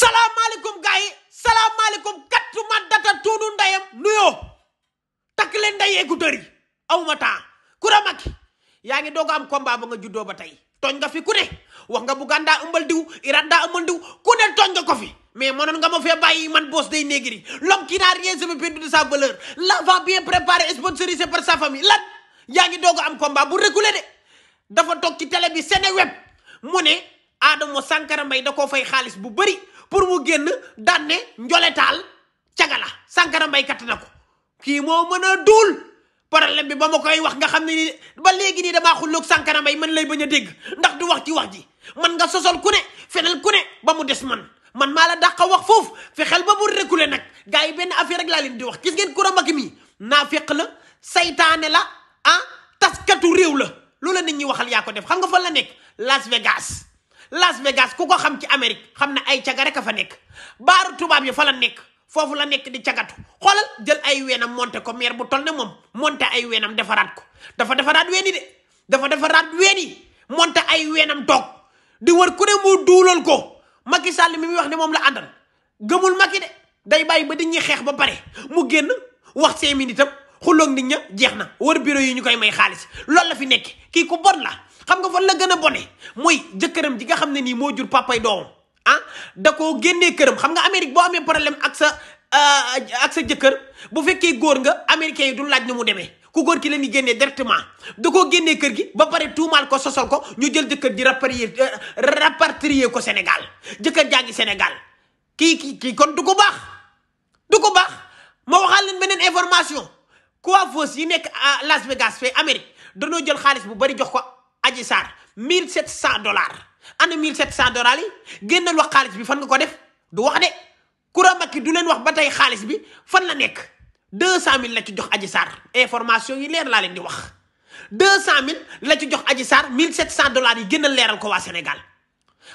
salaamaaleykum gars yi salaamaaleykum kattu ma data tuunu ndeyam nuyoo takk leen ndey écouteur yi awma temps Coura Macky yaa ngi doog am combat ba nga juddoo ba tey tooñ nga fi ku ne wax nga buggaan daa ëmbal diw iran daa ëmbal diw ku ne tooñ nga ko fi mais mënoon nga ma fee bàyyi man boss day négri l'homme qui n'a rien jamais perdu de sa valeur l'enfant bien préparé et sa famille lan yaa ngi doog am combat bu reculé de dafa toog ci télé bi Seneweb mu ne Adamo Sankara mbay da koo fay xaalis bu bëri pour mu génn daan ne njoletaal cagala Sankara Mbaye katt na ko kii moo mën a duul la bi ba ma koy wax nga xam ne ni ba léegi nii damaa xulloog Sankara Mbaye man lay bañ a dégg ndax du wax ci wax ji man nga sosol ku ne fenel ku ne ba mu des man man maa la dàqa wax foofu fexeel ba mu reculer nag gars yi benn affaire rek laa leen di wax gis ngeen Coura Macky mi naa feq la saytaane la ah taskatu réew la lu la nit ñi waxal yaa ko def xam nga fan la nekk Las Vegas Las Vegas ku ko xam ci Amérique xam na ay caga rek a fa nekk baaru tubaab yi fa la nekk foofu la nekk di cagatu xoolal jël ay weenam monté ko meer bu toll ne moom monté ay weenam defaraat ko dafa defaraat weeni de dafa defaraat weeni monté ay weenam toog di war ku ne mu duulal ko Macky Sall mi muy wax ne moom la àndal gëmul Macky de day bàyyi ba di ñuy xeex ba pare mu génn wax cinq minutes am xulloog nit ña jeex na war bureau yi ñu koy may xaalis loolu la fi nekk kii ko bon la xam nga fan la gën a bone mooy jëkkëram ji nga xam ne nii moo jur papay doomam ah da koo génnee këram xam nga Amérique boo amee problème ak sa euh, ak sa jëkkër bu fekkee góor nga américain yi du laaj ni mu demee ku góor ki leen di génnee directement da koo génnee kër gi ba pare tuumaal ko sosol ko ñu jël jëkkër ji rapatrier euh, rapatrier ko Sénégal jëkkër jaa ngi Sénégal kii kii kii kon du ko baax du ko baax ma waxaal leen beneen information coiffeuse yi nekk à Las Vegas fee Amérique danoo jël xaalis bu bari jox ko Adji Sarr 1700 mille ana 1700 dollars yi génnal wax xaalis bi fan nga ko def du wax de Coura Macky du leen wax ba tey xaalis bi fan la nekk 200000 la ci jox Adji saar information yi leer laa leen di wax 200000 la ci jox Adji Sarr 1700 dollars yi génnal leeral ko waa Sénégal.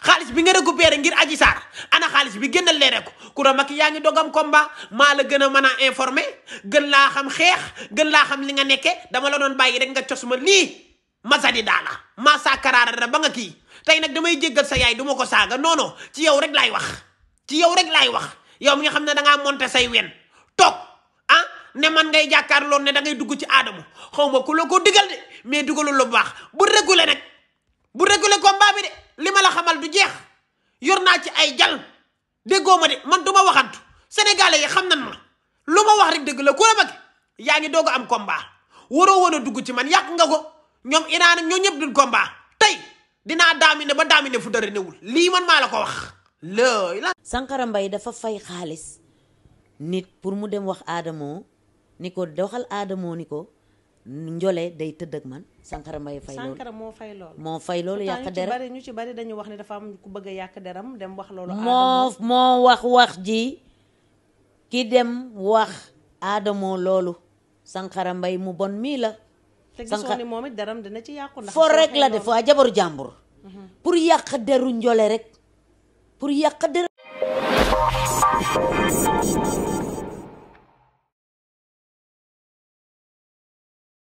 xaalis bi nga récupéré ngir Adji Sarr ana xaalis bi gën a leere ko Coura Macky yaa ngi dogam combat maa la gën a mën a informé gën laa xam xeex gën laa xam li nga nekkee dama la doon bàyyi rek nga cos ma lii masadi daala masa karaara ba nga kii tey nag damay jéggal sa yaay du ma ko saaga non ci yow rek laay wax ci yow rek laay wax yow mi nga xam ne da ngaa say wen toog ah ne man ngay jàkkaarloo ne dangay ngay dugg ci aadamu xaw ma ku ko digal de mais dugalul lu bu réguler nag bu réguler waxal du jeex yor naa ci ay jal déggoo ma de man duma ma waxantu sénégalais yi xam nan ma lu ma wax rek dëgg la ku la yaa ngi doog a am combat waroo woon a dugg ci man yàq nga ko ñoom Iran ak ñoo ñëpp duñ combat tey dinaa daamine ba daamine fu dara newul lii man maa la ko wax looy la Sankara Mbaye dafa fay xaalis nit pour mu dem wax aadamoo ni ko doxal Adamo ni ko Njole day tëdd ak man Sankara Mbaye fay loolu moo fay loolu moo fay loolu yàq deram ñu ci bari dañu wax ne dafa am ku bëgg a yàq deram dem wax loolu moo moo wax wax ji ki dem wax aadamoo loolu Sankara Mbaye mu bon mii la te gisoo ni moom it deram dina ci yàqu ndax foo rek la def waa jabaru jàmbur mhm. pour yàq deru Njole rek pour yàq deram